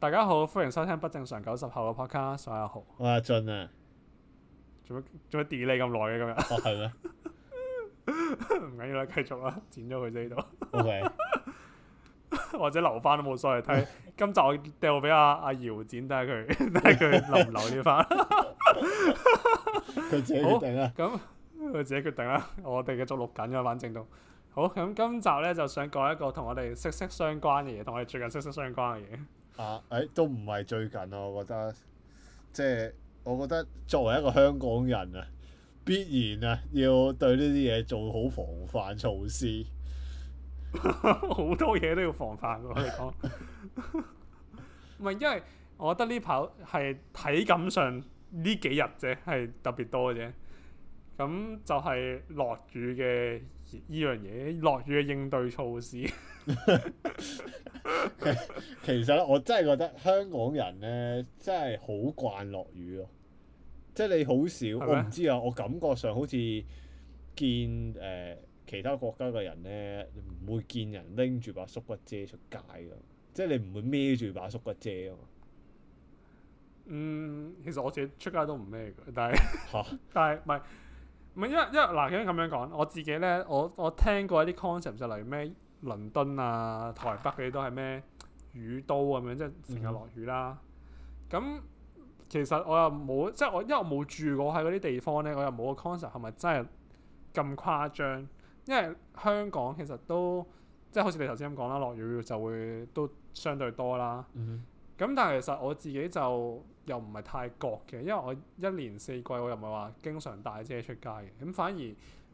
大家好，歡迎收聽不正常九十後嘅 podcast 我阿豪，阿俊啊。做乜做乜 delay 咁耐嘅咁樣？哦，係咩？唔緊要啦，繼續啦，剪咗佢呢度。OK， 或者留翻都冇所謂。睇 今集我掉俾阿阿姚剪，睇下佢睇下佢留唔留呢？翻佢自己決定啊。咁佢自己決定啦。我哋嘅作錄緊咗反正都好咁。今集咧就想講一個同我哋息,息息相關嘅嘢，同我哋最近息息,息相關嘅嘢。啊！誒、欸，都唔係最近啊。我覺得，即係我覺得作為一個香港人啊，必然啊要對呢啲嘢做好防範措施，好 多嘢都要防範。我嚟講，唔係因為我覺得呢排係體感上呢幾日啫，係特別多嘅啫，咁就係落雨嘅。依樣嘢落雨嘅應對措施， 其實咧，我真係覺得香港人咧，真係好慣落雨咯。即係你好少，嗎我唔知啊，我感覺上好似見誒、呃、其他國家嘅人咧，唔會見人拎住把縮骨遮出街噉，即係你唔會孭住把縮骨遮啊。嗯，其實我自己出街都唔孭嘅，但係嚇， 但係唔係。因為因為嗱，既然咁樣講，我自己咧，我我聽過一啲 concept 就例如咩，倫敦啊、台北嗰啲都係咩雨都咁樣，即係成日落雨啦。咁、嗯、哼其實我又冇，即係我因為我冇住過喺嗰啲地方咧，我又冇個 concept 係咪真係咁誇張？因為香港其實都即係好似你頭先咁講啦，落雨就會都相對多啦。咁、嗯、哼但係其實我自己就～又唔係太焗嘅，因為我一年四季我又唔係話經常帶遮出街嘅，咁反而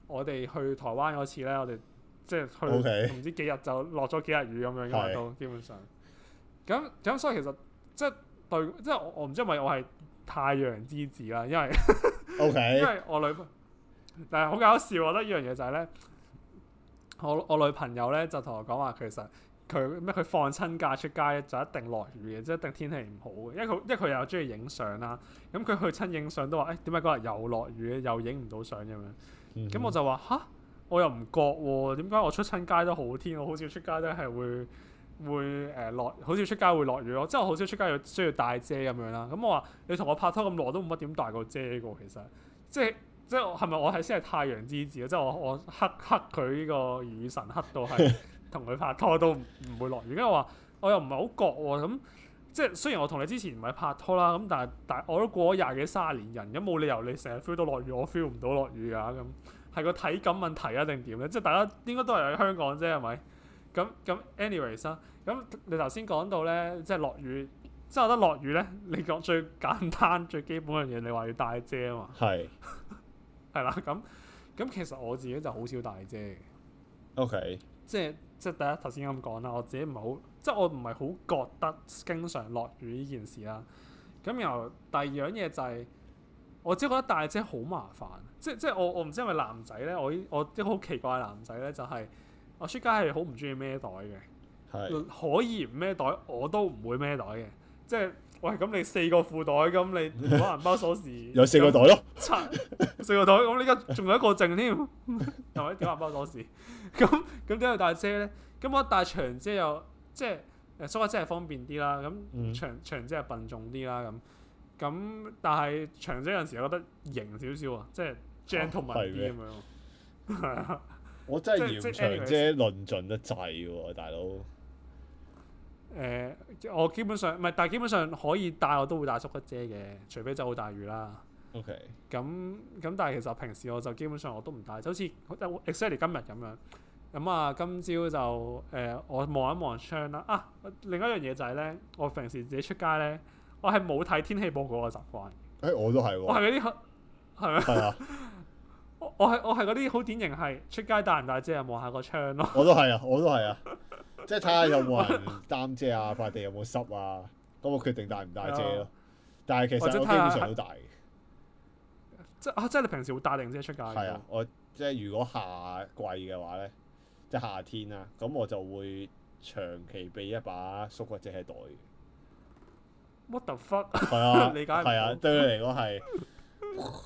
我哋去台灣嗰次咧，我哋即係去唔 Okay. 知幾日就落咗幾日雨咁樣嘅都是基本上。咁咁所以其實即係對，即係我我唔知係咪，因為我係太陽之子啦，因為 Okay. 因為我女朋，但係好搞笑，我覺得呢樣嘢就係、是、咧，我我女朋友咧就同我講話其實。佢咩？佢放親假出街就一定落雨嘅，即係一定天氣唔好嘅。因為佢因為佢又中意影相啦。咁佢去親影相都話：，誒點解嗰日又落雨，又影唔到相咁樣？咁、嗯嗯、我就話：，吓，我又唔覺喎、啊。點解我出親街都好天？我好少出街都係會會誒落，好少出街會落雨咯。即係我好少出街要需要帶遮咁樣啦。咁我話：，你同我拍拖咁耐都冇乜點帶過遮嘅喎。其實，即係即係，係咪我係先係太陽之子啊？即係我我剋剋佢呢個雨神，剋到係。 同佢拍拖都唔會落雨，因為我話我又唔係好覺喎，咁即係雖然我同你之前唔係拍拖啦，咁但係但係我都過咗廿幾三十年人，咁冇理由你成日 feel 到落雨，我 feel 唔到落雨㗎，咁係個體感問題啊定點咧？即係大家應該都係喺香港啫，係咪？咁咁 anyways，咁你頭先講到咧，即係落雨，即係我覺得落雨咧，你講最簡單最基本嘅嘢，你話要帶遮嘛？係係啦，咁咁 其實我自己就好少帶遮。OK，即係。即係第一頭先咁講啦，我自己唔係好，即係我唔係好覺得經常落雨呢件事啦。咁然後第二樣嘢就係、是，我只係覺得帶遮好麻煩。即係即係我我唔知係咪男仔咧，我是是呢我即好奇怪男仔咧，就係、是、我出街係好唔中意孭袋嘅，係是可以唔孭袋我都唔會孭袋嘅，即係。喂，咁你四個褲袋咁，你攞銀包鎖匙。 有四個袋咯，四個袋，咁呢家仲有一個剩添，又喺吊銀包鎖匙，咁咁點解要帶遮咧？咁我帶長遮又即係，誒 short 遮係方便啲啦，咁長、嗯、長遮又笨重啲啦，咁咁但係長遮有陣時我覺得型少少啊，即係 gentleman 啲咁樣。 我真係嫌長遮論盡得滯喎，大佬。誒、呃，我基本上唔係，但係基本上可以帶我都會帶縮骨遮嘅，除非真好大雨啦。OK，咁咁、嗯嗯，但係其實平時我就基本上我都唔帶，就好似 exactly 今日咁樣。咁、嗯、啊，今朝就誒、呃，我望一望窗啦、啊。啊，另一樣嘢就係、是、咧，我平時自己出街咧，我係冇睇天氣報告嘅習慣。誒、欸，我都係喎。我係嗰啲，係咪啊？係啊。我我係我係嗰啲好典型係出街帶唔帶遮啊？望下個窗咯。我都係啊！我都係啊！即係睇下有冇人擔遮啊，塊 地有冇濕啊，咁我決定帶唔帶遮咯。啊、但係其實我基本上都帶嘅。是看看是即係啊，即係你平時會帶定遮出街？係啊，我即係如果夏季嘅話咧，即係夏天啊，咁我就會長期備一把縮骨遮喺袋。What the fuck？係啊，理、 啊、解唔？啊，對你嚟講係。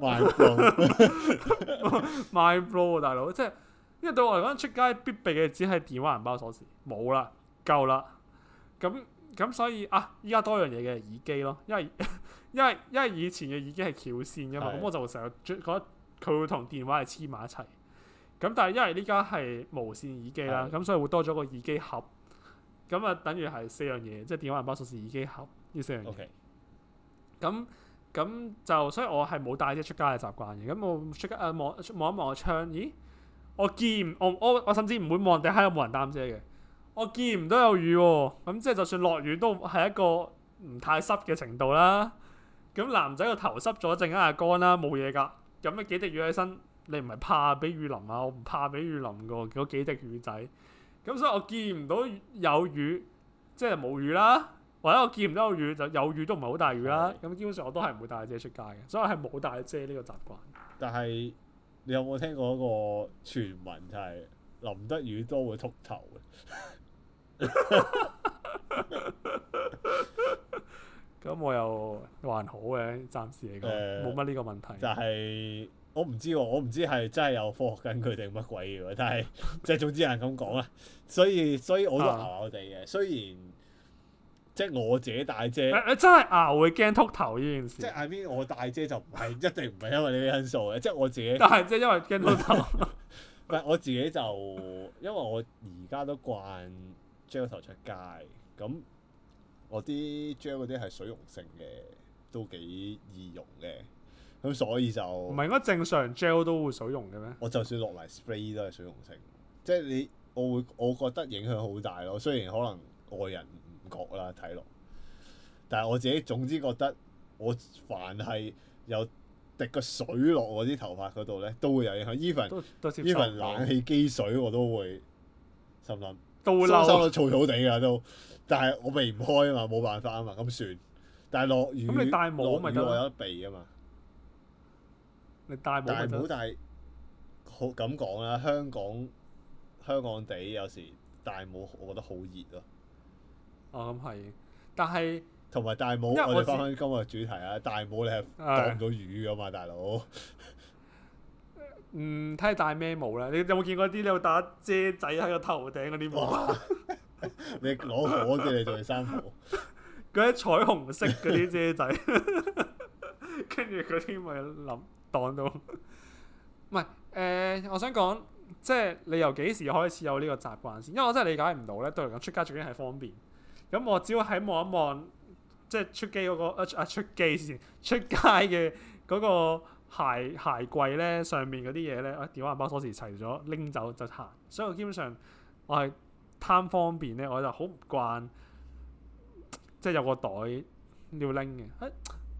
My b l o m y bro，大佬，即係。因為對我嚟講，出街必備嘅只係電話、銀包、鎖匙，冇啦，夠啦。咁咁所以啊，依家多樣嘢嘅耳機咯，因為因為因為以前嘅耳機係橋線嘅嘛，咁的我就會成日覺得佢會同電話係黐埋一齊。咁但係因為呢家係無線耳機啦，啊，咁的所以會多咗個耳機盒。咁啊，等於係四樣嘢，即係電話、銀包、鎖匙、耳機盒呢四樣嘢。咁咁 Okay. 就所以，我係冇帶遮出街嘅習慣嘅。咁我出街啊，望望一望個窗，咦？我見唔我我我甚至唔會望地下有冇人擔遮嘅，我見唔到有雨，啊，咁即係就算落雨都係一個唔太濕嘅程度啦。咁男仔個頭濕咗，陣間一下乾啦，冇嘢噶。有咩幾滴雨喺身？你唔係怕俾雨淋啊？我唔怕俾雨淋㗎，嗰幾滴雨仔。咁所以我見唔到有雨，即係冇雨啦，或者我見唔到有雨就有雨都唔係好大雨啦。咁是的 基本上我都係唔會帶遮出街嘅，所以係冇帶遮呢個習慣。但係你有冇聽過一個傳聞，就係淋得雨都會禿頭嘅？咁 我又還好嘅，暫時嚟講冇乜呢個問題。就係我唔知，我唔知係真係有科學根據定乜鬼嘅，但係即係總之有人咁講啊，所以所以我都話我哋嘅，啊、雖然。即係我自己帶遮，誒真係啊，啊會驚禿頭呢件事。即係 I mean，我帶遮就唔係一定唔係因為呢啲因素嘅，即係我自己。但係即係因為驚禿頭，唔係我自己就因為我而家都慣 gel 頭出街，咁我啲 gel 嗰啲係水溶性嘅，都幾易溶嘅，咁所以就唔係應該正常 gel 都會水溶嘅咩？我就算落嚟 spray 都係水溶性，即係你我會我覺得影響好大咯。雖然可能外人。覺啦，睇落。但係我自己總之覺得，我凡係有滴個水落我啲頭髮嗰度咧，都會有影響。even even 冷氣機水我都會心諗都會嬲，收收到燥燥地㗎都。但係我避唔開啊嘛，冇辦法啊嘛，咁算。但係落雨咁你戴帽咪我有得避啊嘛。你戴帽戴好咁講啦，香港香港地有時戴帽，我覺得好熱咯，啊。我咁係，但係同埋戴帽，我哋翻翻今日主題啊！戴帽你係擋到雨噶嘛，是的 大佬 哥？嗯，睇下戴咩帽咧？你有冇見過啲？你有打遮仔喺個頭頂嗰啲帽？你攞火遮嚟做衫帽？嗰啲彩虹色嗰啲遮仔，跟住嗰啲咪諗擋到。唔係誒，我想講即係你由幾時開始有呢個習慣先？因為我真係理解唔到咧，對嚟講出街最緊係方便。咁我只要喺望一望，即係出機嗰、嗰個啊啊出機時出街嘅嗰個鞋鞋櫃咧上面嗰啲嘢咧，我電話包鎖匙齊咗拎走就行。所以我基本上我係貪方便咧，我就好唔慣，即係有個袋要拎嘅、啊。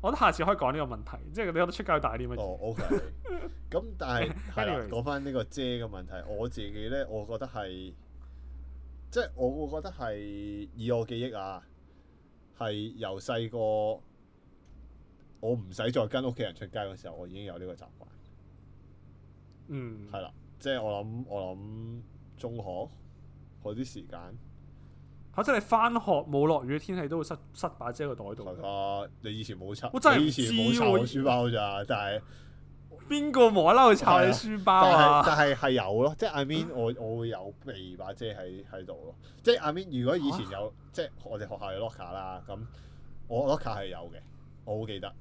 我覺得下次可以講呢個問題，即係你覺得出街要帶啲咩？哦，OK。咁但係，係講翻呢個遮嘅問題，我自己咧，我覺得係。即係我會覺得係以我記憶啊，係由細個，我唔使再跟屋企人出街嘅時候，我已經有呢個習慣。嗯，係啦，即係我諗，我諗中學嗰啲時間嚇，即係翻學冇落雨嘅天氣都會塞塞把遮個袋度。啊！你以前冇拆，我真係你以前冇拆過書包咋，但係。邊個無啦啦抄你書包啊？但係係有咯，即係 I mean 我我會有備把遮喺喺度咯。即係 I mean 如果以前有，啊、即係我哋學校有 locker 啦，咁我 locker 係有嘅，我好記得。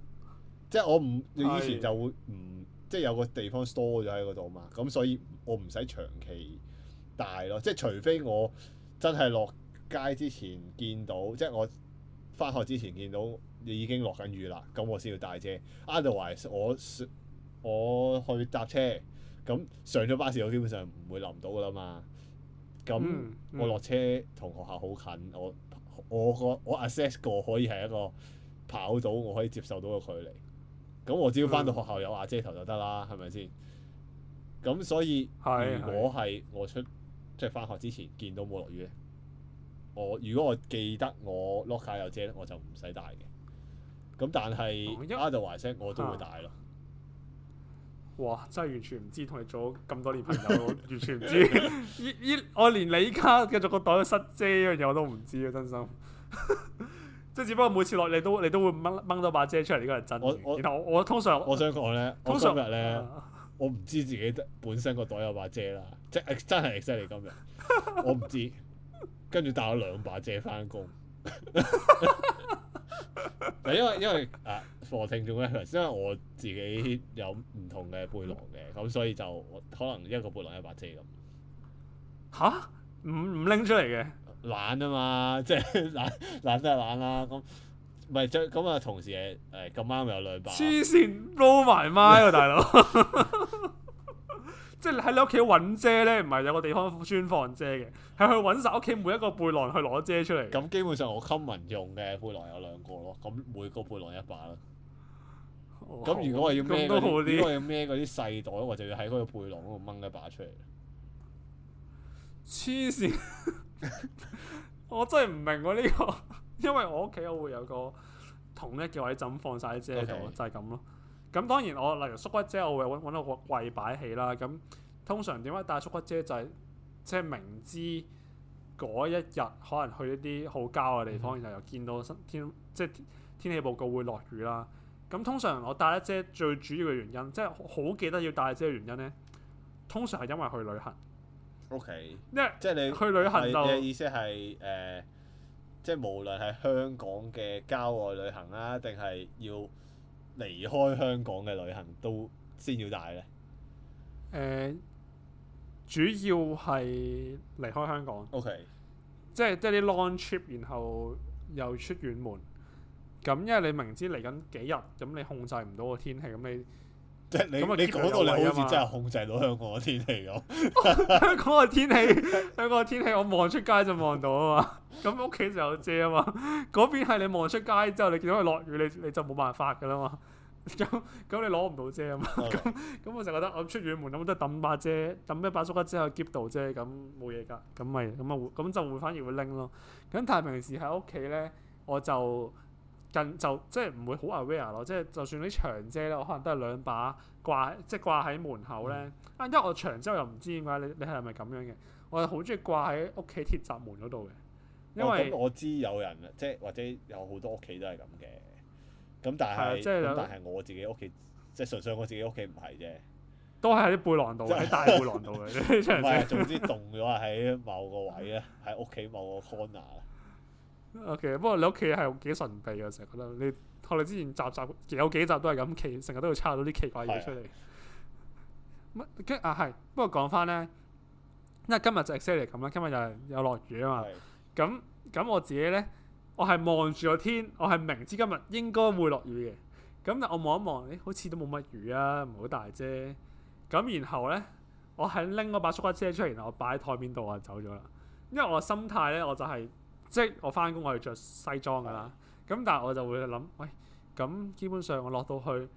即係我唔，你以前就會唔，是即係有個地方 store 咗喺嗰度嘛。咁所以，我唔使長期帶咯。即係除非我真係落街之前見到，即係我返學之前見到你已經落緊雨啦，咁我先要帶遮。Otherwise 我。我我去搭車咁上咗巴士，我基本上唔會淋到噶啦嘛。咁我落車同學校好近，嗯嗯、我我個我 assess 過可以係一個跑到我可以接受到嘅距離。咁我只要翻到學校有阿姐頭就得啦，係咪先？咁所以是如果係我出即係翻學之前見到冇落雨，我如果我記得我 locker 有遮咧，我就唔使帶嘅。咁但係 otherwise 我都會帶咯。哇！真係完全唔知同你做咁多年朋友，完全唔知。依依 我連你依家繼續個袋塞遮依樣嘢我都唔知啊！真心。即 係只不過每次落你都你都會掹掹咗把遮出嚟，呢、這個係真我然後我，我，我通常我想講咧，通常咧我唔、啊、知自己本身個袋有把遮啦，即係真係 exactly 今日。我唔知，跟住 帶咗兩把遮翻工。 嗱， 因為因為誒，課聽眾咧， 因為我自己有唔同嘅背囊嘅，咁所以就可能一個背囊一把遮咁。吓，唔唔拎出嚟嘅，懶啊嘛，即係懶，懶都係懶啦。咁，唔係再咁啊？同時誒，咁啱有兩把。黐線！撈埋麥喎，大佬。即係喺你屋企揾遮咧，唔係有個地方專放遮嘅？係去揾曬屋企每一個背囊去攞遮出嚟。咁基本上我 common 用嘅背囊有兩個咯，咁每個背囊一把啦。咁、哦、如果我要孭嗰啲細袋，或者要喺嗰個背囊度掹一把出嚟。黐線！ 我真係唔明呢、啊呢個，因為我屋企我會有個同一嘅位置放晒遮喺度，Okay. 就係咁咯。咁當然我例如縮骨遮，我會揾到個櫃擺起啦。咁通常點解帶縮骨遮，就是？就係即係明知嗰一日可能去一啲好郊嘅地方，然後、嗯、又見到天即係、就是、天、天氣報告會落雨啦。咁通常我帶一遮最主要嘅原因，即係好記得要帶遮嘅原因咧，通常係因為去旅行。O Okay . K，那即係即係你去旅行就嘅意思係誒，即、呃、係、就是、無論係香港嘅郊外旅行啦、啊，定係要。離開香港嘅旅行都先要帶咧？誒、呃，主要係離開香港。O Okay . K，即係即係啲 long trip，然後又出遠門。咁因為你明知嚟緊幾日，咁你控制唔到個天氣，咁你即係你你講到你好似真係控制到香港嘅天氣咁。 香港嘅天氣，香港嘅天氣， 我望出街就望到啊嘛。咁屋企就有遮啊嘛。嗰邊係你望出街之後，你見到佢落雨，你你就冇辦法噶啦嘛。咁咁 你攞唔到遮啊嘛？咁咁 Okay. 我就覺得我出遠門咁都係揼把遮，揼咩把縮骨遮喺攪到啫，咁冇嘢㗎。咁咪咁啊，咁就會反而會拎咯。咁但係平時喺屋企咧，我就近就即係唔會好 aware 咯。即係就算啲長遮咧，我可能都係兩把掛，即係掛喺門口咧。啊、嗯，因為我長州又唔知點解你你係咪咁樣嘅？我係好中意掛喺屋企鐵閘門嗰度嘅。因咁、哦嗯、我知有人即係或者有好多屋企都係咁嘅。咁但係，咁但係我自己屋企，即、就、係、是、純粹我自己屋企唔係啫，都喺啲背囊度，喺 大背囊度嘅。唔係， 總之凍咗喺某個位咧，喺屋企某個 corner。其實、okay，不過你屋企係幾神秘啊！成日覺得你，我哋之前集集有幾集都係咁奇，成日都會插到啲奇怪嘢出嚟。啊係、啊，不過講翻咧，因為今日就係 Saturday 咁啦，今日又又落雨啊嘛。咁咁是我自己咧。我係望住個天，我係明知今日應該會落雨嘅，咁但我望一望，誒、欸、好似都冇乜雨啊，唔係好大啫。咁然後咧，我係拎嗰把縮骨遮出嚟，然後我擺喺台面度，我就走咗啦。因為我心態咧，我就係即係我翻工，我係着西裝噶啦。咁但係我就會諗，喂，咁基本上我落到去，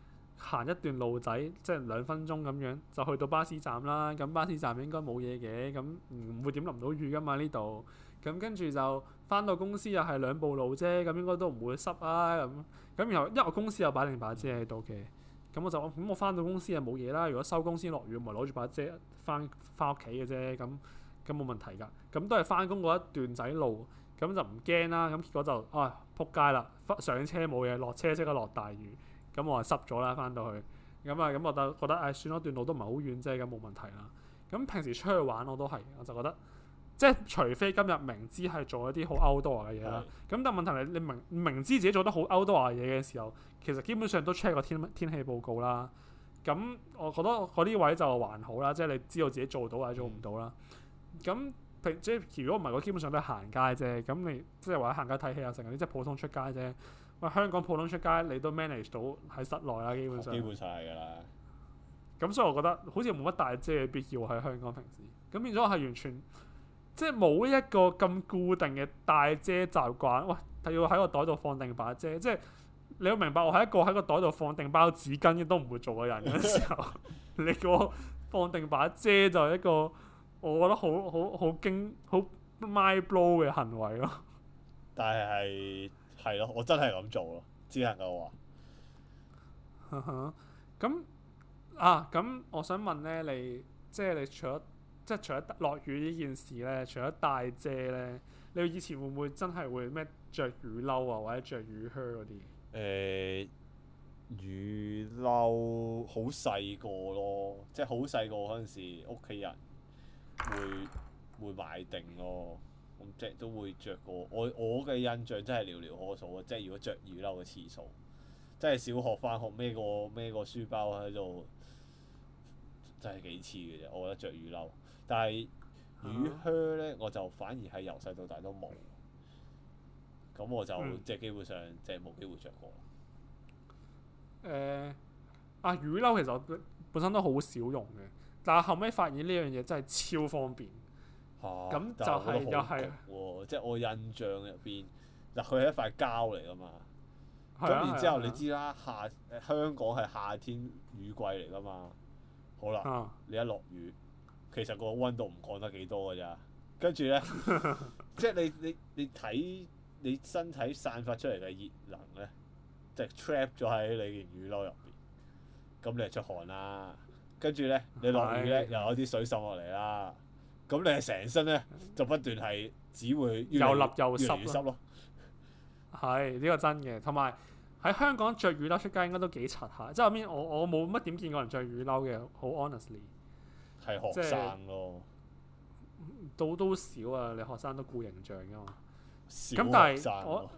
行一段路仔，即係兩分鐘咁樣就去到巴士站啦。咁巴士站應該冇嘢嘅，咁唔會點淋到雨噶嘛呢度。咁跟住就翻到公司又係兩步路啫，咁應該都唔會濕啊。咁、嗯、咁、嗯、然後因為我公司有擺定把遮喺度嘅，咁、嗯嗯、我就咁、嗯、我翻到公司又冇嘢啦。如果收工先落雨，我咪攞住把遮翻翻屋企嘅啫。咁咁冇問題噶。咁、嗯、都係翻工嗰一段仔路，咁就唔驚啦。咁結果就啊，哎、撲街啦！上車冇嘢，落車即刻落大雨。咁我係濕咗啦，翻到去咁啊，咁我就覺得誒，算啦，段路都唔係好遠啫，咁冇問題啦。咁平時出去玩我都係，我就覺得即係除非今日明知係做一啲好 outdoor 嘅嘢啦，咁、嗯、但係問題係你明明知自己做得好 outdoor 嘅嘢嘅時候，其實基本上都 check 個天天氣報告啦。咁我覺得嗰啲位就還好啦，即係你知道自己做到或者做唔到啦。咁、嗯、即係如果唔係，我基本上都行街啫。咁你即係或者行街睇戲啊，成日啲即係普通出街啫。香港普通出街你都 manage 到喺室內啦，基本上。基本上係噶啦。咁所以我覺得好似冇乜帶遮嘅必要喺香港平時。咁變咗係完全，即係冇一個咁固定嘅帶遮習慣。喂，係要喺個袋度放定把遮，即係你要明白我係一個喺個袋度放定包紙巾都唔會做嘅人嘅時候， 你個放定把遮就係一個，我覺得好好好驚好 my blow 嘅行為咯。但係。係咯，我真係咁做咯，只能夠話。咁、uh huh. 啊，咁我想問咧，你即係你除咗即係除咗落雨呢件事咧，除咗帶遮咧，你以前會唔會真係會咩着雨褸啊，或者着雨靴嗰啲？誒、呃，雨褸好細個咯，即係好細個嗰陣時，屋企人會會買定咯。即係都會着過，我我嘅印象真係寥寥可數啊！即係如果着雨褸嘅次數，即係小學翻學孭個孭個書包喺度，真係幾次嘅啫。我覺得着雨褸，但係雨靴咧，呢啊、我就反而係由細到大都冇。咁我就、嗯、即係基本上即係冇機會着過。誒、嗯，啊雨褸其實我本身都好少用嘅，但係後尾發現呢樣嘢真係超方便。咁、啊、就係、是哦、又係是即係我印象入邊嗱，佢係一塊膠嚟噶嘛。咁然、啊、之後你知啦，夏誒、啊啊、香港係夏天雨季嚟噶嘛。好啦，啊、你一落雨，其實個溫度唔降得幾多噶咋。跟住咧， 即係你你你睇你身體散發出嚟嘅熱能咧，就是、trap 咗喺你件雨褸入邊。咁你就出汗啦，跟住咧你落雨咧，啊、又有啲水滲落嚟啦。 咁你係成身咧就不斷係只會又笠又濕咯，係呢個真嘅。同埋喺香港着雨褸出街應該都幾柒下，即後面我我冇乜點見過人着雨褸嘅，好 honestly。係學生咯，都都少啊。你學生都顧形象噶嘛？咁但係我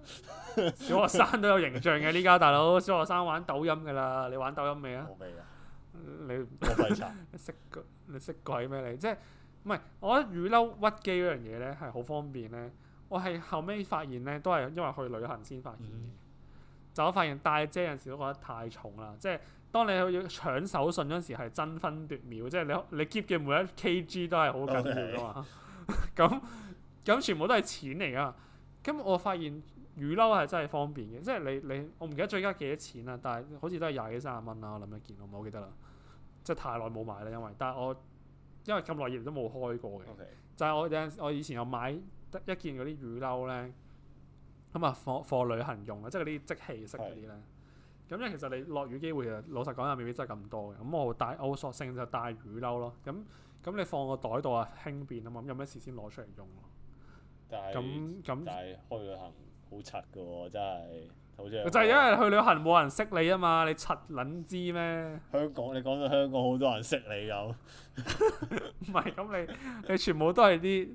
小學生都有形象嘅。呢家大佬小學生玩抖音噶啦，你玩抖音未啊？我未啊。你冇廢柴，你識你識鬼咩？你即係。唔係，我覺得雨褸屈機嗰樣嘢咧係好方便咧。我係後尾發現咧，都係因為去旅行先發現嘅。嗯、就我發現帶遮有時都覺得太重啦。即係當你去搶手信嗰時係爭分奪秒，即係你你 keep 嘅每一 kg 都係好緊要噶嘛。咁咁 Okay. 全部都係錢嚟噶。咁我發現雨褸係真係方便嘅，即係你你我唔記得最加幾多錢啦、啊，但係好似都係廿幾三十蚊啦。我諗一件，我唔好記得啦。即係太耐冇買啦，因為但係我。因為咁耐亦都冇開過嘅，Okay. 就係我有陣我以前有買得一件嗰啲雨褸咧，咁啊放放旅行用嘅，即係嗰啲即棄式嗰啲咧。咁咧是其實你落雨機會其實老實講又未必真係咁多嘅。咁我帶我索性就帶雨褸咯。咁咁你放個袋度啊輕便啊嘛，咁有咩事先攞出嚟用咯。但係咁咁開旅行好柒㗎喎，真係。就係因為去旅行冇人識你啊嘛你，你柒撚知咩？香港，你講到香港好多人識你咁，唔係咁你你全部都係啲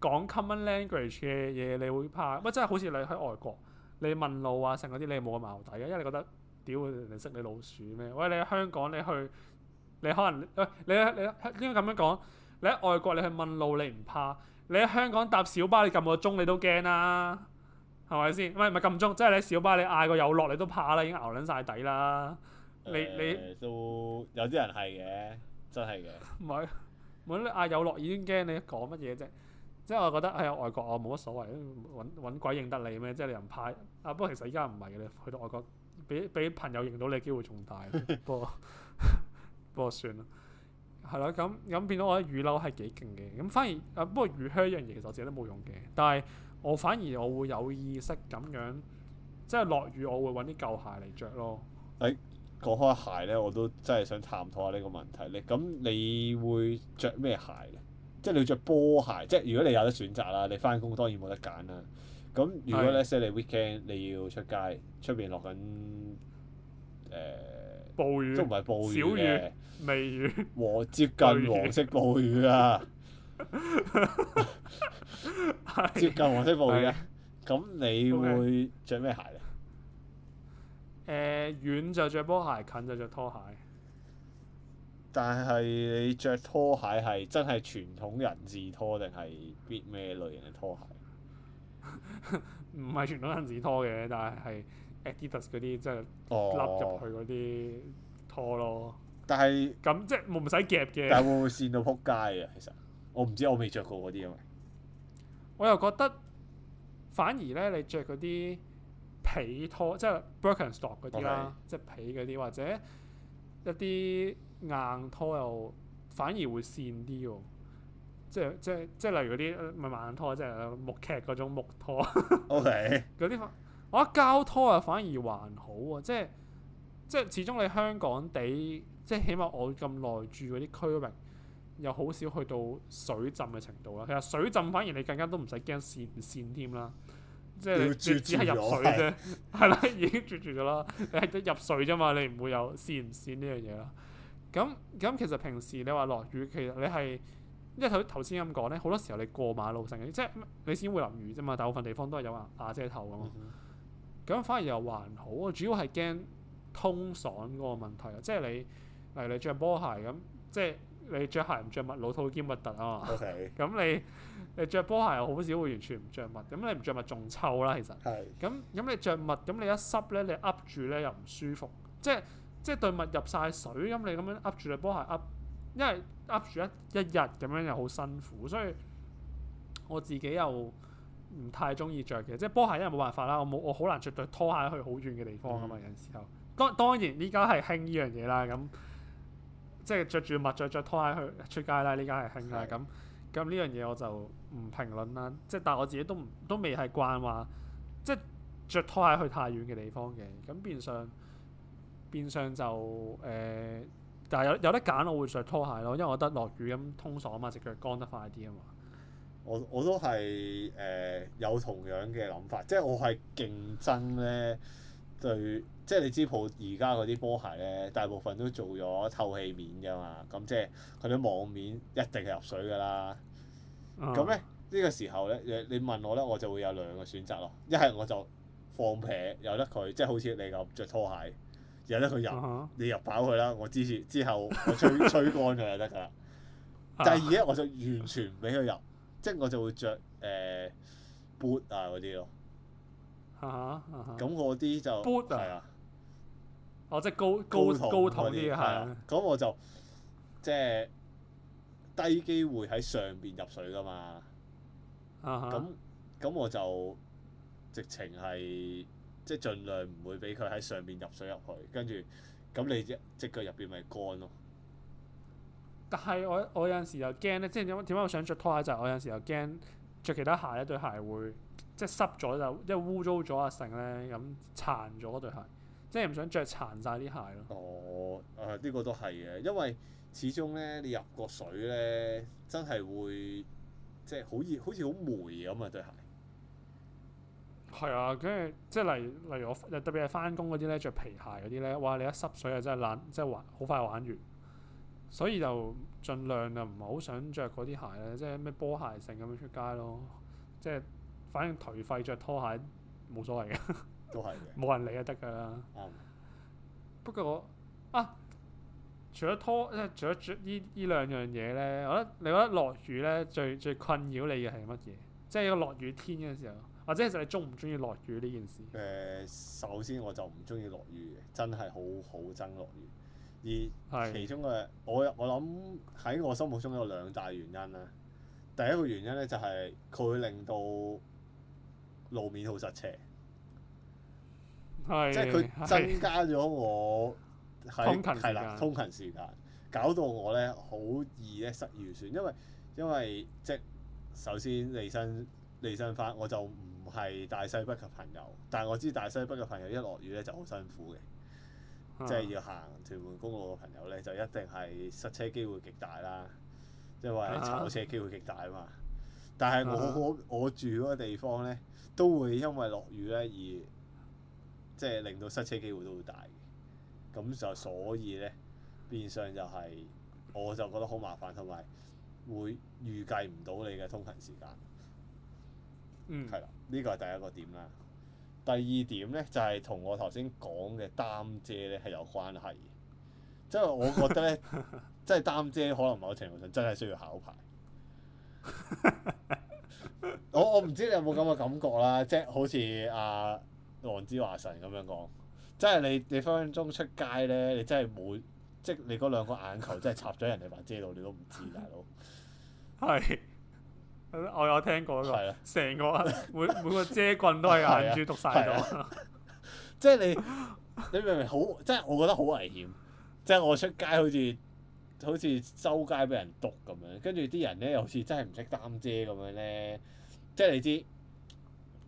講 common language 嘅嘢，你會怕乜？真係好似你喺外國，你問路啊成嗰啲，你冇咁矛盾嘅，因為你覺得屌你哋識你老鼠咩？喂，你喺香港你去，你可能喂你你應該咁樣講，你喺外國你去問路你唔怕，你喺香港搭小巴你撳個鐘你都驚啦。係咪先？唔係唔係咁鐘，即係你小巴你嗌個有落，你都怕啦，已經熬撚晒底啦。你你都有啲人係嘅，真係嘅。唔係，冇咧嗌有落已經驚，你講乜嘢啫？即係我覺得喺、哎、外國我冇乜所謂，揾鬼認得你咩？即係你唔怕、啊。不過其實依家唔係嘅，你去到外國，俾俾朋友認到你嘅機會仲大。不過 不過算啦，係咯。咁咁變到我覺得雨褸係幾勁嘅。咁反而啊，不過雨靴一樣嘢，其實我自己都冇用嘅，但係。我反而我會有意識咁樣，即係落雨我會揾啲舊鞋嚟着咯。誒、哎，講開鞋咧，我都真係想探討下呢個問題。你咁你會着咩鞋咧？即係你着波鞋。即係如果你有得選擇啦，你翻工當然冇得揀啦。咁如果咧 say 你 weekend 你要出街，出邊落緊誒暴雨，都唔係暴雨嘅微雨，未雨和接近雨黃色暴雨啊！ 接近黃色布嘅？咁，你會着咩鞋咧？誒、okay. 呃，遠就着波鞋，近就着拖鞋。但係你着拖鞋係真係傳統人字拖，定係啲咩類型嘅拖鞋？唔係傳統人字拖嘅，但係係 Adidas 嗰啲，即係凹入去嗰啲拖咯。但係咁即係冇唔使夾嘅，但，但，但會唔會跣到仆街啊？其實我唔知，我未着過嗰啲啊。我又覺得，反而咧你着嗰啲皮拖，即係 Birkenstock 嗰啲啦，Okay. 即係皮嗰啲，或者一啲硬拖又反而會跣啲喎。即係即係即係，例如嗰啲唔係硬拖，即係木屐嗰種木拖。OK，嗰啲我覺得膠拖又反而還好喎。即係即係，始終你香港地，即係起碼我咁耐住嗰啲區域又好少去到水浸嘅程度啦，其實水浸反而你更加都唔使驚滑唔滑添啦，即係你只係入水啫，係 啦，已經絕住咗啦，你係得入水啫嘛，你唔會有滑唔滑呢樣嘢啦。咁咁其實平時你話落雨，其實你係因為頭頭先咁講咧，好多時候你過馬路成嘅，即係你先會淋雨啫嘛，大部分地方都係有瓦遮頭嘅嘛。咁、嗯、哼反而又還好，主要係驚通爽嗰個問題啊，即係你例如你着波鞋咁，即係。你着鞋唔着襪，老套兼核突啊嘛！咁 Okay. 你你著波鞋又好少會完全唔着襪，咁你唔着襪仲臭啦，其實。係是。咁咁你着襪，咁你一濕咧，你噏住咧又唔舒服，即係即係對襪入晒水，咁你咁樣噏住對波鞋噏，因為噏住一一日咁樣又好辛苦，所以我自己又唔太中意着嘅，即係波鞋，因為冇辦法啦，我冇我好難着對拖鞋去好遠嘅地方噶嘛，有時候。當然依家係興呢樣嘢啦，咁。即係着住襪，着着拖鞋去出街啦！呢家係興啊咁，咁呢是的 樣嘢我就唔評論啦。即係但我自己都唔都未係慣話，即係着拖鞋去太遠嘅地方嘅。咁變相變相就誒、呃，但係有有得揀，我會着拖鞋咯，因為我覺得落雨咁通爽啊嘛，隻腳乾得快啲啊嘛我。我我都係誒、呃、有同樣嘅諗法，即係我係競爭咧對。即係你知，而家嗰啲波鞋咧，大部分都做咗透氣面㗎嘛。咁即係佢啲網面一定係入水㗎啦。咁咧呢個時候咧，你問我咧，我就會有兩個選擇咯。一係我就放屁由、uh huh. 得佢，即係好似你咁着拖鞋，由得佢入，huh. 你入跑佢啦。我之前之後我吹吹乾佢就得㗎啦。第二咧，我就完全唔俾佢入，即、就、係、是、我就會着誒、呃、boot 啊嗰啲咯。嚇、huh. uh！咁啲就係啊。Huh. antis Yeah. antis 哦，即係高高高筒啲嘅，鞋，啊。咁我就即係低機會喺上邊入水噶嘛。咁咁、uh huh. 我就直情係即係盡量唔會俾佢喺上邊入水入去。跟住咁你只隻腳入邊咪乾咯。但係我我有陣時又驚咧，即係點解點解我想着拖鞋就係我有陣時又驚着其他鞋，一對鞋會即係濕咗就即污糟咗啊成咧，咁殘咗對鞋。即係唔想着殘晒啲鞋咯。哦，誒、啊、呢、這個都係嘅，因為始終咧你入個水咧，真係會即係好熱，好似好霉咁啊對鞋。係啊，跟住即係例如例如我特別係翻工嗰啲咧，着皮鞋嗰啲咧，哇！你一濕水啊，真係爛，即係玩好快玩完。所以就盡量就唔係好想着嗰啲鞋咧，即係咩波鞋性咁樣出街咯。即係反正頹廢着拖鞋冇所謂嘅。 都係嘅，冇人理就得噶啦。不過啊，除咗拖，即係除咗呢呢兩樣嘢咧，我覺得你覺得落雨咧最最困擾你嘅係乜嘢？即係落雨天嘅時候，或者其實你中唔中意落雨呢件事？誒、嗯，首先我就唔中意落雨，真係好好憎落雨。而其中嘅是的 我我諗喺我心目中有兩大原因啦。第一個原因咧就係佢會令到路面好濕斜。是即係佢增加咗我係係啦通勤時間，搞到我咧好易咧失預算，因為因為即首先離身離身返，我就唔係大西北嘅朋友，但係我知大西北嘅朋友一落雨咧就好辛苦嘅，即係、啊、要行屯門公路嘅朋友咧就一定係塞車機會極大啦，即係話炒車機會極大啊嘛，啊哈但係我、啊、我，我住嗰個地方咧都會因為落雨咧而。即係令到塞車機會都會大嘅，咁就所以咧，變相就係、是、我就覺得好麻煩，同埋會預計唔到你嘅通勤時間。嗯，係啦，呢個係第一個點啦。第二點咧就係、是、同我頭先講嘅擔遮咧係有關係，即係我覺得咧，即係擔遮可能某程度上真係需要考牌。 我我唔知你有冇咁嘅感覺啦，即係好似啊～黃子華神咁樣講，即係你你分分鐘出街咧，你真係冇，即係你嗰兩個眼球真係插咗人哋把遮度， 你都唔知，大佬。係。我有聽過個，成是了 個 每每個遮棍都係眼珠篤晒咗。即係你，你明明好，即係我覺得好危險。即係、就是、我出街好似好似周街俾人篤咁樣，跟住啲人咧，又好似真係唔識擔遮咁樣咧。即係你知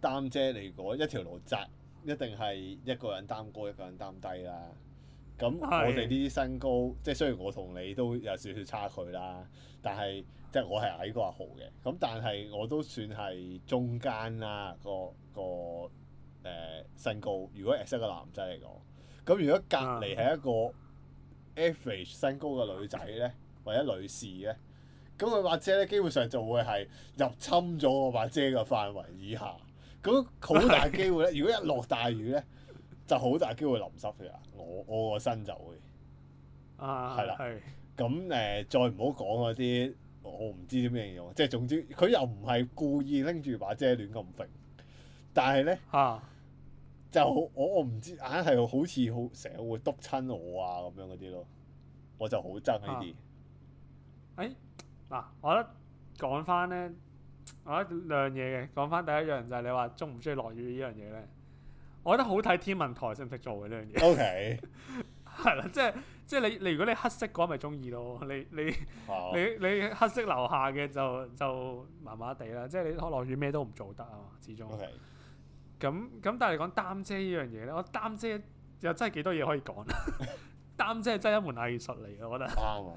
擔遮嚟講，一條路窄。一定係一個人擔高，一個人擔低啦。咁我哋呢啲身高，是即係雖然我同你都有少少差距啦，但係即係我係矮過阿豪嘅。咁但係我都算係中間啦，個個誒、呃、身高。如果 exactly 個男仔嚟講，咁如果隔離係一個 average 身高嘅女仔咧，或者女士咧，咁佢把遮咧基本上就會係入侵咗我把遮嘅範圍以下。咁好大機會咧， 如果一落大雨咧，就好大機會淋濕嘅。我我個身就會，係啦。咁誒、呃，再唔好講嗰啲，我唔知啲咩嘢。即係總之，佢又唔係故意拎住把遮亂咁揈，但係咧，啊、就我我唔知，硬係好似好成日會篤親我啊咁樣嗰啲咯，我就好憎呢啲。誒、啊，嗱、欸啊，我覺得講翻咧。我一樣嘢嘅，講翻第一樣就係、是、你話中唔中意落雨呢樣嘢咧，我覺得好睇天文台識唔識做嘅呢樣嘢。O K，係啦，即係即係你你如果你，你黑色嘅話，咪中意咯。你你你你黑色樓下嘅就就麻麻地啦。即係你落雨咩都唔做得啊嘛，始終。O K，咁咁但係你講擔遮呢樣嘢咧，我擔遮又真係幾多嘢可以講。擔遮 真係一門藝術嚟，嘅，我覺得、 就是。啱啊。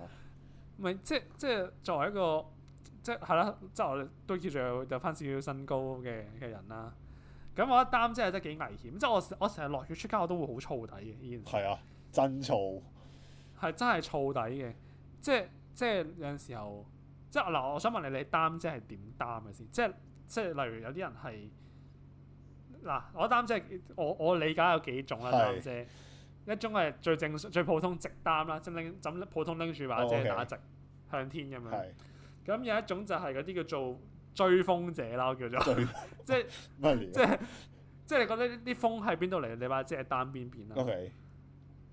唔係即係即係作為一個。即係啦，即係我都叫做有翻少少身高嘅嘅人啦。咁我覺得擔遮真係幾危險，即係我我成日落雪出街我都會好燥底嘅。呢件事係啊，真燥，係真係燥底嘅。即係即係有陣時候，即係嗱，我想問你，你擔遮係點擔嘅先？即係即係，例如有啲人係嗱，我擔遮，我我理解有幾種啦。擔遮是一種係最正常、最普通直擔啦，即係拎咁普通拎住把遮打直、哦 okay、向天咁樣。咁、嗯、有一種就係嗰啲叫做追風者啦，我叫做， 即係 即係 即係 你覺得呢啲風喺邊度嚟？你把遮係單邊邊啊。OK，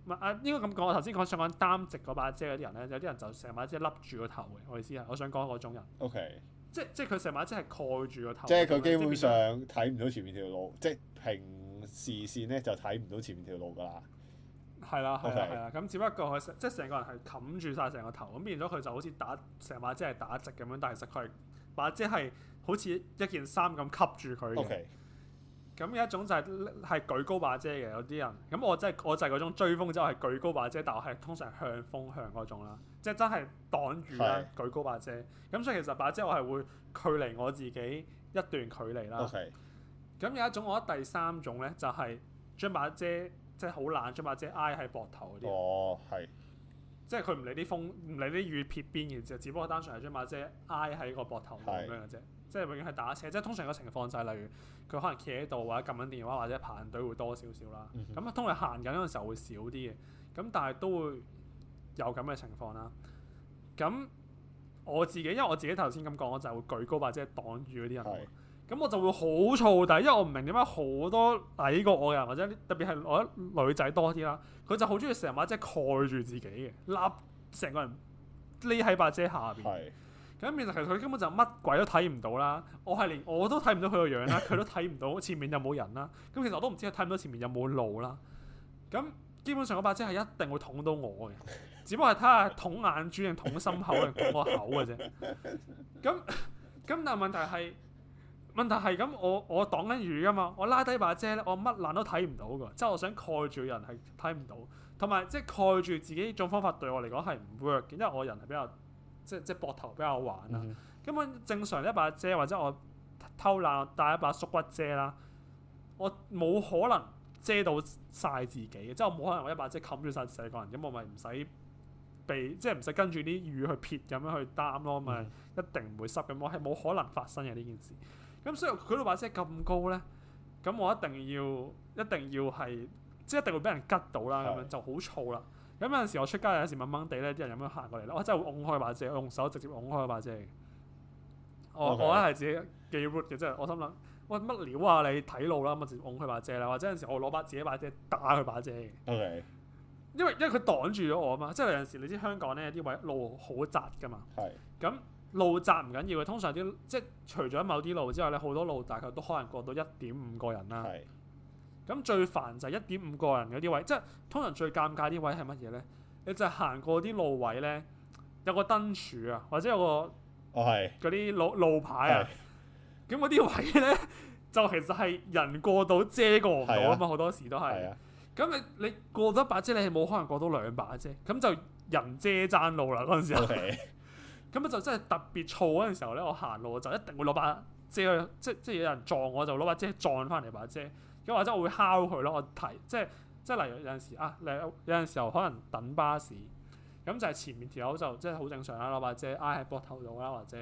唔係啊，應該咁講。我頭先講想講單直嗰把遮嗰啲人咧，有啲人就成把遮笠住個頭嘅。我意思係，我想講嗰種人。OK，即即係佢成把遮係蓋住個頭，即係佢基本上睇唔到前面條路，即係平視線咧就睇唔到前面條路噶啦。係啦，係啦，係啦，咁 Okay. 只不過佢即係成個人係冚住晒成個頭，咁變咗佢就好似打成把遮係打直咁樣，但係其實佢係把遮係好似一件衫咁吸住佢嘅。咁 Okay. 有一種就係、是、係舉高把遮嘅有啲人，咁我真係我就係、是、嗰種追風之後係舉高把遮，但我係通常向風向嗰種啦，即係真係擋雨啦，Okay. 舉高把遮。咁所以其實把遮我係會距離我自己一段距離啦。咁 Okay. 有一種我覺得第三種咧，就係、是、將把遮。即係好懶啫嘛，即係挨喺膊頭嗰啲。哦，係。即係佢唔理啲風，唔理啲雨撇邊嘅。之只不過單純係將把遮挨喺個膊頭咁樣嘅啫。是即係永遠係打車，即係通常個情況就係，例如佢可能企喺度，或者撳緊電話，或者排緊隊會多少少啦。咁啊、嗯哼，通常行緊嗰陣時候會少啲嘅。咁但係都會有咁嘅情況啦。咁我自己因為我自己頭先咁講，我就會舉高把遮擋住嗰啲人。咁我就會好燥底，因為我唔明點解好多矮過我嘅人，或者特別係我女仔多啲啦，佢就好中意成日把遮蓋住自己嘅，笠成個人匿喺把遮下邊。係咁，其實佢根本就乜鬼都睇唔到啦。我係連我都睇唔到佢個樣啦，佢都睇唔到前面有冇人啦。咁其實我都唔知佢睇唔到前面有冇路啦。咁基本上嗰把遮係一定會捅到我嘅，只不過係睇下捅眼珠定捅心口定捅個口嘅啫。咁咁，但係問題係。問題係咁，我我擋緊雨噶嘛。我拉低把遮咧，我乜爛都睇唔到噶。即係我想蓋住人係睇唔到，同埋即係蓋住自己。呢種方法對我嚟講係唔 work 嘅，因為我人係比較即係即係膊頭比較橫啊。嗯、哼 根本正常一把遮或者我偷懶帶一把縮骨遮啦，我冇可能遮到晒自己嘅。即係我冇可能我一把遮冚住晒成個人。咁我咪唔使被即係唔使跟住啲雨去撇咁樣去擔咯。咪、嗯、哼 一定唔會濕嘅。我係冇可能發生嘅呢件事。咁、嗯、所以佢度把遮咁高咧，咁我一定要，一定要係，即係一定會俾人拮到啦，咁樣是的 就好燥啦。咁、嗯、有陣時我出街有陣時掹掹地咧，啲人咁樣行過嚟咧，我真係會㧬開把遮，用手直接㧬開把遮我 Okay 我一係自己技 root 嘅，即係我心諗，喂乜料啊你睇路啦，我直接㧬開把遮啦。或者有陣時我攞把自己把遮打佢把遮嘅 Okay。因為因為佢擋住咗我啊嘛，即係有陣時你知香港咧啲位路好窄噶嘛。咁。是的 嗯路窄唔緊要嘅，通常啲即係除咗某啲路之外咧，好多路大概都可能過到一點五個人啦。咁是的 最煩就係一點五個人嗰啲位，即係通常最尷尬啲位係乜嘢咧？你就行過啲路位咧，有個燈柱啊，或者有個哦嗰是啲路路牌啊。咁嗰啲位咧，就其實係人過到遮過唔到啊嘛，好是的 多時都係。咁你你過得一把遮，你係冇可能過到兩把遮，咁就人遮爭路啦嗰陣時候。咁啊就真係特別燥嗰陣時候咧，我行路我就一定會攞把遮去，即係即係有人撞我就攞把遮撞翻嚟把遮，咁或者我會敲佢咯，我提，即係即係例如有陣時啊，你有陣時候可能等巴士，咁就係前面條友就即係好正常啦，攞把遮挨喺膊頭度啦或者。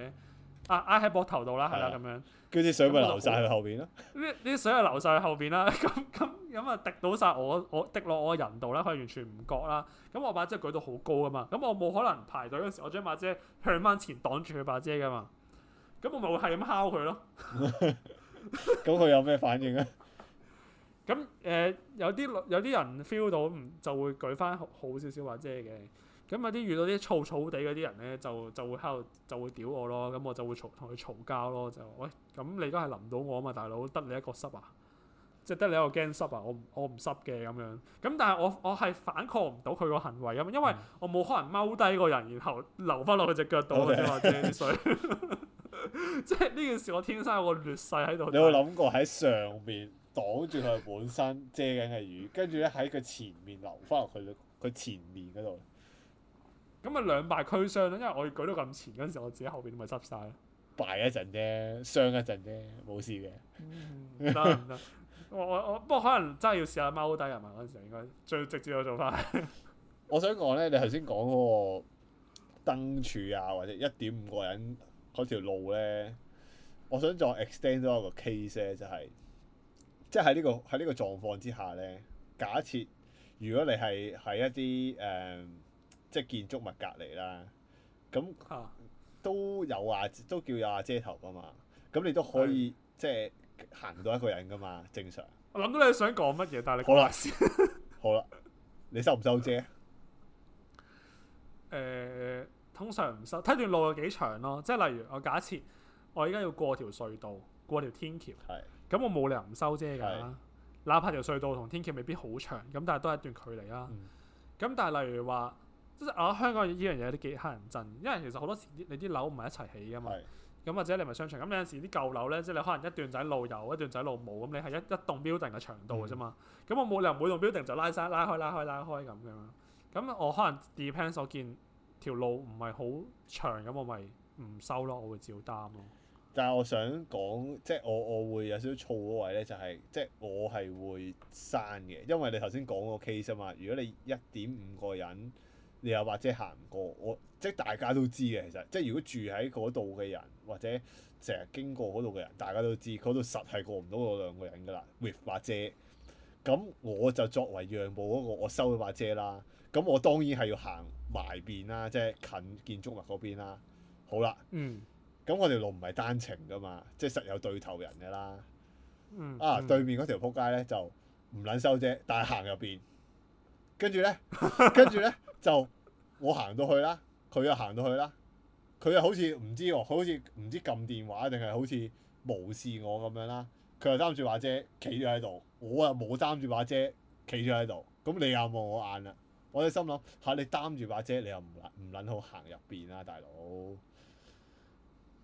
啊！挨喺膊頭度啦，係啦咁樣，叫啲水咪流晒去後邊咯。啲啲後這水係流晒去後邊啦，咁咁咁啊滴到晒我我滴落我人度啦，佢完全唔覺啦。咁我把遮舉到好高噶嘛，咁我冇可能排隊嗰時我將把遮向翻前擋住佢把遮噶嘛。咁我咪會係咁敲佢咯。咁佢有咩反應啊？咁誒、 呃，有啲有啲人 feel 到唔就會舉翻好少少把遮嘅。咁有啲遇到啲燥燥地嗰啲人咧，就就會喺度就會屌我咯。咁我就會嘈同佢嘈交咯。就，喂，咁你都係淋唔到我啊嘛，大佬得你一個濕啊，即係得你一個驚濕啊。我我唔濕嘅咁樣。咁但係我我係反抗唔到佢個行為咁，因為我冇可能踎低個人，然後流翻落佢隻腳度啫嘛。遮啲水， 即係呢件事，我天生有個劣勢喺度。你有諗過喺上面擋住佢本身遮緊嘅雨， 跟住咧喺佢前面流翻落佢佢前面嗰度？咁咪兩敗俱傷咯，因為我要舉到咁前嗰陣時，我自己後邊都咪執晒咯。敗一陣啫，傷一陣啫，冇事嘅。唔得唔得？我我我，不過可能真係要試，試下踎低啊嘛，嗰陣時候應該最直接嘅做法。我想講咧，你頭先講嗰個燈柱啊，或者一點五個人嗰條路咧，我想再 extend 多一個 case 咧、啊，就係即係喺呢個喺呢個狀況之下咧，假設如果你係喺一啲誒。嗯即係建築物隔離啦，咁都有啊，都叫有啊遮頭噶嘛。咁你都可以是即係行到一個人噶嘛，正常。我諗到你想講乜嘢，但係你講好啦， 好啦，你收唔收遮？誒、嗯呃，通常唔收。睇段路有幾長咯。即係例如我假設我而家要過條隧道、過條天橋，咁是我冇理由唔收遮嘅、啊。是哪怕條隧道同天橋未必好長，咁但係都係一段距離啦、啊。咁、嗯、但係例如話。即係啊！香港依樣嘢都啲幾乞人憎，因為其實好多時你啲樓唔係一齊起㗎嘛。咁或者你咪商場咁，有陣時啲舊樓咧，即係你可能一段仔路有，一段仔路冇咁，你係一一棟 building 嘅長度㗎啫嘛。咁、嗯、我冇理由每棟 building 就拉山拉開拉開拉開咁嘅。咁我可能 depends 我見條路唔係好長咁，我咪唔收咯，我會照擔咯。但係我想講，即係我我會有少少躁嗰位咧、就係，就係即係我係會刪嘅，因為你頭先講個 case 啊嘛。如果你一點五個人。你又或者行唔過，我即係大家都知嘅。其實即係如果住喺嗰度嘅人，或者成日經過嗰度嘅人，大家都知嗰度實係過唔到我兩個人㗎啦。with 把遮咁，hmm. 姐姐我就作為讓步嗰、嗰個、我收咗把遮啦。咁我當然係要行埋邊啦，即係近建築物嗰邊啦。好啦，嗯、mm，咁、hmm. 我條路唔係單程㗎嘛，即係實有對頭人㗎啦。Mm hmm. 啊對面嗰條撲街咧就唔撚收啫，但係行入邊，跟住咧，跟住咧。 就我行到去啦，佢又行到去啦，佢又好似唔知喎，好似唔知撳電話定係好似無視我咁樣啦。佢又擔住把遮，企咗喺度，我又冇擔住把遮，企咗喺度。咁、啊、你，你又望我眼啦，我哋心諗吓你擔住把遮，你又唔唔撚好行入邊啦、啊，大佬。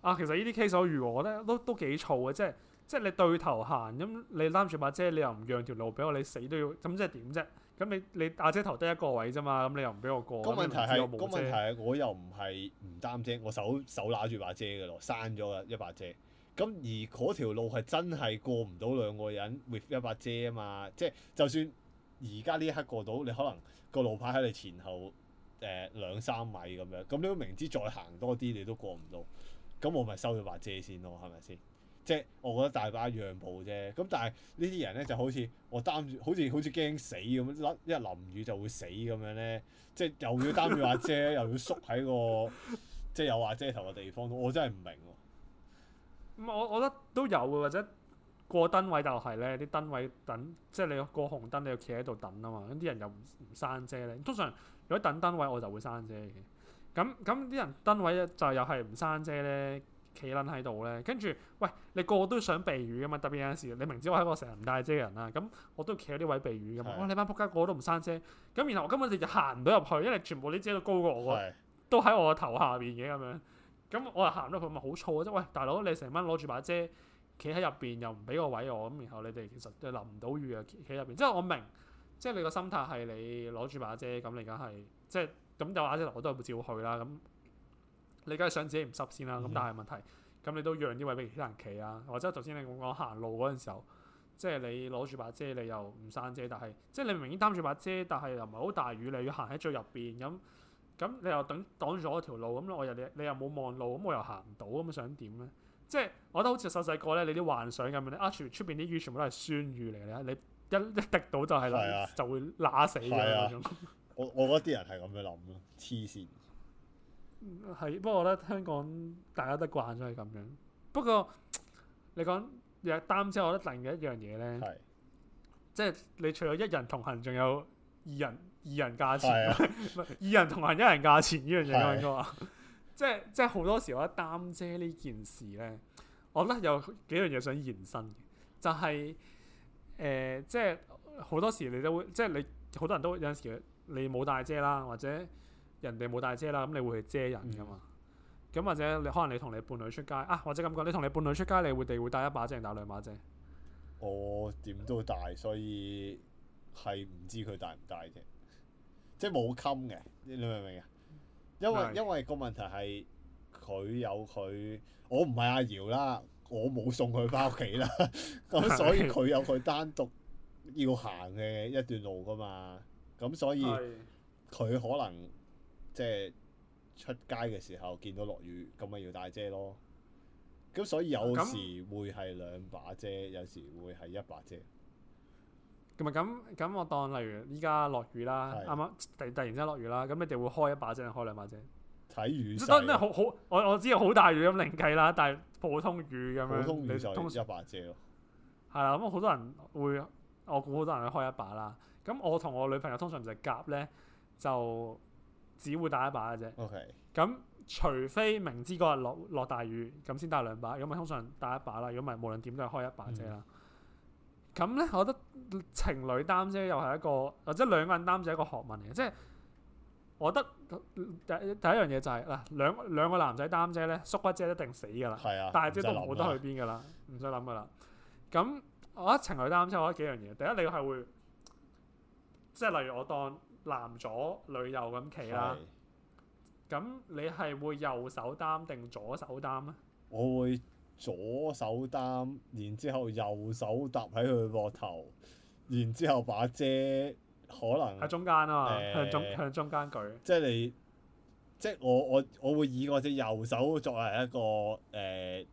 啊，其實呢啲 case 我遇我覺都都幾躁嘅，即係即係你對頭行咁、嗯，你擔住把遮，你又唔讓條路俾我，你死都要，咁即係點啫？咁你你阿姐頭得一個位啫嘛，咁你又唔俾我過。個問題係，個問題係，我又唔係唔擔遮，我手手揦住把遮㗎咯，閂咗㗎一把遮。咁而嗰條路係真係過唔到兩個人 with 一把遮啊嘛，即係就算而家呢一刻過到，你可能個路牌喺你前後誒兩三米咁樣，咁你都明知再行多啲你都過唔到，咁我咪收咗把遮先咯，係咪先？即我覺得大把讓步啫，咁但係呢啲人咧就好似我擔住，好似好似驚死咁，一一淋雨就會死咁樣咧，即係又要擔住把遮， 又要縮喺個即係有把遮頭嘅地方，我真係唔明、啊嗯。咁我我覺得都有嘅，或者過燈位就係咧啲燈位等，即係你過紅燈你要企喺度等啊嘛，咁啲人又唔唔閂遮咧。通常如果等燈位我就會閂遮嘅，咁咁啲人燈位就又係唔閂遮咧。企撚喺度咧，跟住喂，你個個都想避雨嘅嘛？特別有陣時，你明知我係個成日唔帶遮嘅人啦，咁我都企喺啲位避雨嘅嘛。哇是的、哦！你班仆街個個都唔閂遮，咁然後我根本就就行唔到入去，因為全部啲遮都高過我，是的 都喺我個頭下邊嘅咁樣。咁我又行唔到去咪好燥啊！即係喂，大佬你成班攞住把遮，企喺入邊又唔俾個位我，咁然後你哋其實就淋唔到雨啊，企喺入邊。即係我明，即係你個心態係你攞住把遮，咁你梗係即係咁有把遮我都照去啦咁。你梗係想自己唔濕先啦，咁但係問題，咁、嗯、哼你都讓啲位俾其他人企啊，或者頭先你講行路嗰陣時候，即係你攞住把遮，你又唔攢遮，但係即係你明明擔住把遮，但係又唔係好大雨，你要行喺最入邊，咁咁你又等擋住我條路，咁我又你你又冇望路，咁我又行唔到，咁想點咧？即係我覺得好似細細個咧，你啲幻想咁樣咧，啊，出邊啲雨全部都係酸雨嚟嘅，你一一滴到就係是、啊、就會喇死嘅、啊樣啊、我我覺得啲人係咁樣諗咯，黐線。係，不過我覺得香港大家都慣咗係咁樣。不過你講又擔遮，我覺得另一樣嘢咧，是即係你除咗一人同行，仲有二人二人價錢，是啊、 二人同行一人價錢呢樣嘢應該話。即係即係好多時我覺得擔遮呢件事咧，我覺得有幾樣嘢想延伸，嘅，就係、是、誒、呃，即係好多時你都會，即係你好多人都有陣時你冇帶遮啦，或者。人哋冇帶遮啦，咁你會係遮人噶嘛？咁、嗯、或者你可能你同你伴侶出街啊，或者咁講，你同你伴侶出街，你會哋會帶一把遮定帶兩把遮？我點都帶，所以係唔知佢帶唔帶啫，即係冇襟嘅。你明唔明啊？因為的因為個問題係佢有佢，我唔係阿瑤啦，我冇送佢翻屋企啦，咁 所以佢有佢單獨要行嘅一段路噶嘛，咁所以佢的可能。即係出街嘅時候見到落雨咁咪要帶遮咯。咁所以有時會係兩把遮，嗯嗯、有時會係一把遮。同埋咁咁，我當例如依家落雨啦，啱啱突突然間落雨啦，咁你哋會開一把遮定開兩把遮？睇雨勢真係好好，好。我我知道好大雨咁另計啦，但係普通雨咁樣，普通雨就係一把遮咯。係啦，咁好多人會，我估好多人開一把啦。咁我同我女朋友通常就係夾咧就。只會打一把嘅啫 Okay.。咁除非明知嗰日落落大雨，咁先打兩把。咁咪通常打一把啦。如果唔係，無論點都係開一把啫啦。咁咧、嗯，我覺得情侶擔遮又係一個，或者兩個人擔遮一個學問嚟嘅。即、就、係、是、我覺得第第一樣嘢就係、是、嗱、啊，兩兩個男仔擔遮咧，縮骨遮一定死噶啦。係、啊、但係姐遮都冇得去邊噶啦，唔使諗噶啦。咁我覺得情侶擔遮，我覺得幾樣嘢。第一，你係會即係、就是、例如我當。男左女右咁企啦，咁是你係會右手擔定左手擔啊？我會左手擔，然之後右手搭喺佢膊頭，然之後把遮可能喺中間啊、呃、向中向中間舉。即係你，即係我我我會以我隻右手作為一個誒、呃、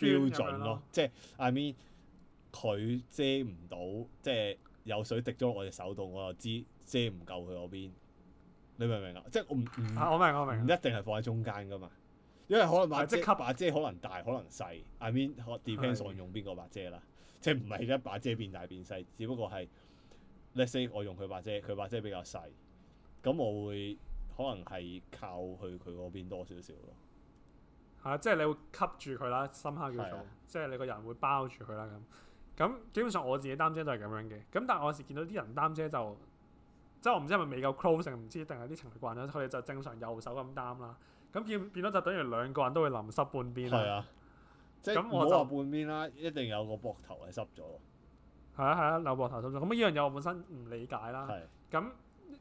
標準咯。啊、即係 I mean，佢遮唔到，即係有水滴咗我隻手度，我就知。遮唔夠佢嗰邊，你明唔明、嗯、啊？即係我唔唔明，唔一定係放喺中間噶嘛，因為可能把遮、啊，即係把遮可能大可能細。I mean，depends on、嗯、用邊個把遮啦，即係唔係一把遮變大變細，只不過係，let's say 我用佢把遮，佢把遮比較細，咁我會可能係靠去佢嗰邊多少少咯。係啊，即係你會吸住佢啦，深刻叫做，是啊、即係你個人會包住佢啦咁。咁基本上我自己擔遮都係咁樣嘅，咁但係我有時見到啲人擔遮就，就。即係我唔知係咪未夠 close，定唔知定係啲情侶慣咗，佢哋就正常右手咁擔啦。咁變變咗就等於兩個人都會淋濕半邊啦。係啊，啊即係唔好話半邊啦，一定有個膊頭係濕咗。係啊係啊，扭膊頭濕咗。咁呢樣嘢我本身唔理解啦。係是。咁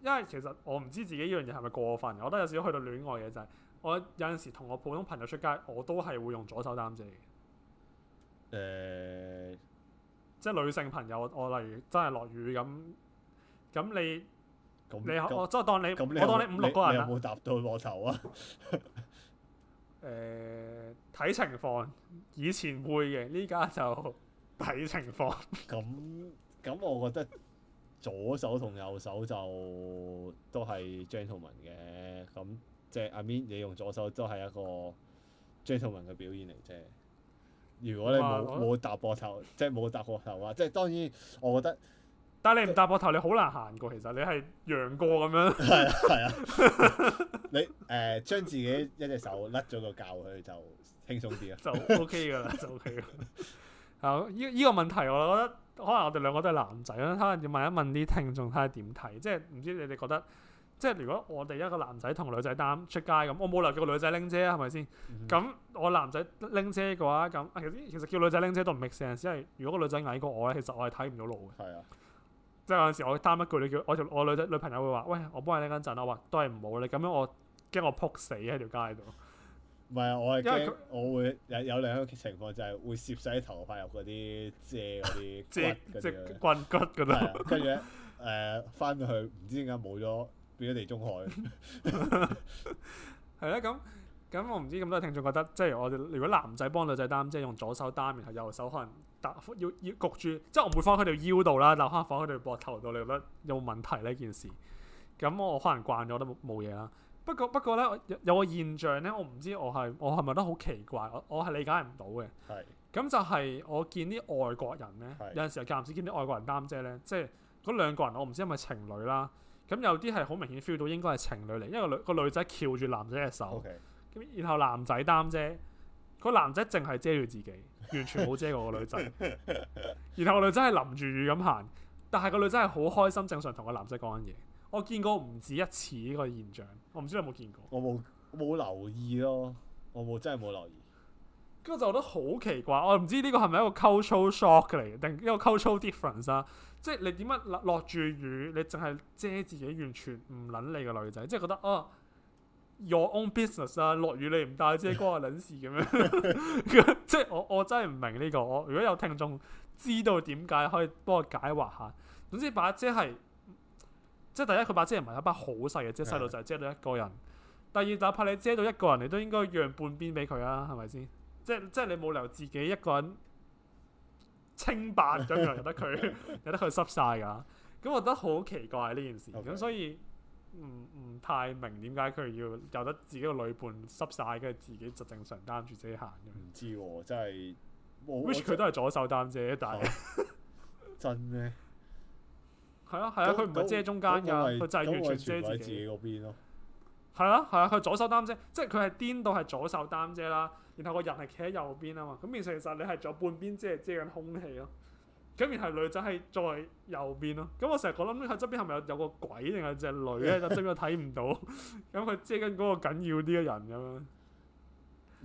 因為其實我唔知自己呢樣嘢係咪過分嘅。我都有時去到戀愛嘅就係、是，我有陣時同我普通朋友出街，我都係會用左手擔遮嘅。誒、欸，即係女性朋友，我例如真係落雨咁，咁你。你我即係當你，你有有我當你五六個人，啊，有冇搭到膊頭啊？誒 呃，睇情況。以前會嘅，呢家就睇情況。咁 咁，我覺得左手同右手就都係 gentleman 嘅。咁即係阿 Min，I mean, 你用左手都係一個 gentleman 嘅表現嚟啫。如果你冇冇搭膊頭， 即係冇搭膊頭啊！即係當然，我覺得。但係你唔搭膊頭，你好難行過。其實你係讓過咁樣。係啊係啊。你誒將自己一隻手甩咗個教佢就輕鬆啲啊、 OK，就 OK 㗎啦，就 OK 呢係啊，呢呢個問題我覺得可能我哋兩個都係男仔啦，可能要問一問啲聽眾睇下點睇。即係唔知你哋覺得，即係如果我哋一個男仔同女仔擔出街咁，我冇理由叫個女仔拎遮啊，係咪先？咁、嗯、哼 我男仔拎遮嘅話，咁其實叫女仔拎遮都唔 make sense 因為如果個女仔矮過我咧，其實我係睇唔到路嘅。係啊。即係有陣時，我擔一句你叫我，我女仔女朋友會話：喂，我幫你拎一陣啦。我話都係唔好，你咁樣我驚我仆死喺條街度。唔係啊，我係驚我會有有兩個情況，就係、是、會攝晒啲頭髮入嗰啲遮嗰啲即遮骨棍骨嗰度。跟住咧，誒返到去唔知點解冇咗，變咗地中海。係啦，咁咁我唔知咁多聽眾覺得，即係我哋如果男仔幫女仔擔，即係用左手擔，然後右手可能。要要焗住，即係我唔會放喺佢條腰度啦，立刻放喺佢條膊頭度，你覺得有冇問題呢件事？咁我可能慣咗都冇嘢啦。不過不過咧，有個現象咧，我唔知我係我係咪都好奇怪，我我係理解唔到嘅。係是。咁就係我見啲外國人咧，是有陣時間唔知見啲外國人擔遮咧，即係嗰兩個人我唔知係咪情侶啦。咁有啲係好明顯 feel 到應該係情侶嚟，因為女個女仔翹住男仔嘅手，咁 Okay. 然後男仔擔遮。個男仔淨係遮住自己，完全冇遮過個女仔。 然後個女仔係淋住雨咁行，但係個女仔係好開心，正常同個男仔講緊嘢。我見過唔止一次呢個現象，我唔知你有冇見過？我冇冇留意咯，我冇真係冇留意。跟住就覺得好奇怪，我唔知呢個係咪一個 cultural shock 嚟，嘅，定一個 cultural difference 啊？即係你點解落住雨，你淨係遮自己，完全唔捻你個女仔，即係覺得哦。Your own business 啊，落雨你唔帶遮，關 我撚事咁樣，即係我我真係唔明呢、這個。我如果有聽眾知道點解，可以幫我解惑下。總之把遮係，即、就、係、是、第一，佢把遮唔係一把好細嘅遮，細路就遮、是、到一個人。第二，打怕你遮到一個人，你都應該讓半邊俾佢啊，係咪先？即係即係你冇理由自己一個人清白，咗，樣由 得佢、啊，由得佢濕晒㗎。咁我覺得好奇怪呢件事。咁 Okay. 所以。唔唔太明點解佢要由得自己個女伴濕晒，跟住自己就正常擔住遮行。唔知喎、哦，真係，which 佢都係左手擔遮，但係真咩？係啊係啊，佢唔係遮中間噶，佢就係完全遮住自己嗰邊咯。係啊，係啊，佢左手擔遮，即係佢係癲到係左手擔遮啦，然後個人係企喺右邊啊嘛，咁其實其實你係左半邊遮，係遮緊空氣咯。咁而係女仔係在右邊咯，啊，咁我成日我諗佢側邊係咪有有個鬼定係隻女咧？就真係睇唔到，咁佢遮緊嗰個緊要啲嘅人咁樣。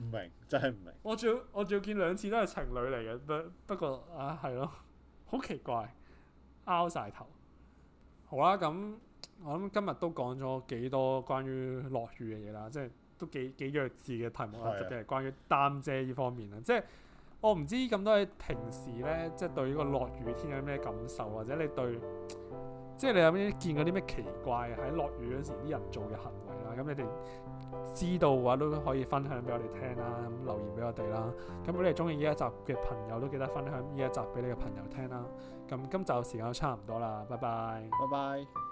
唔明，真係唔明我，仲要我仲要見兩次都係情侶嚟嘅，不不過啊係咯，好奇怪，拗晒頭。好啦，咁我諗今日都講咗幾多關於落雨嘅嘢啦，即係都幾幾弱智嘅題目啊，特別係關於擔遮呢方面啦，即係。我唔、哦、知咁多，位平時咧即係對呢個落雨天有咩感受，或者你對即係你有冇啲見過啲咩奇怪喺落雨嗰時啲人做嘅行為啦？咁你哋知道嘅話都可以分享俾我哋聽啦，咁留言俾我哋啦。咁如果你哋中意呢一集嘅朋友，都記得分享呢一集俾你嘅朋友聽啦。咁今集時間都差唔多啦，拜拜，拜拜。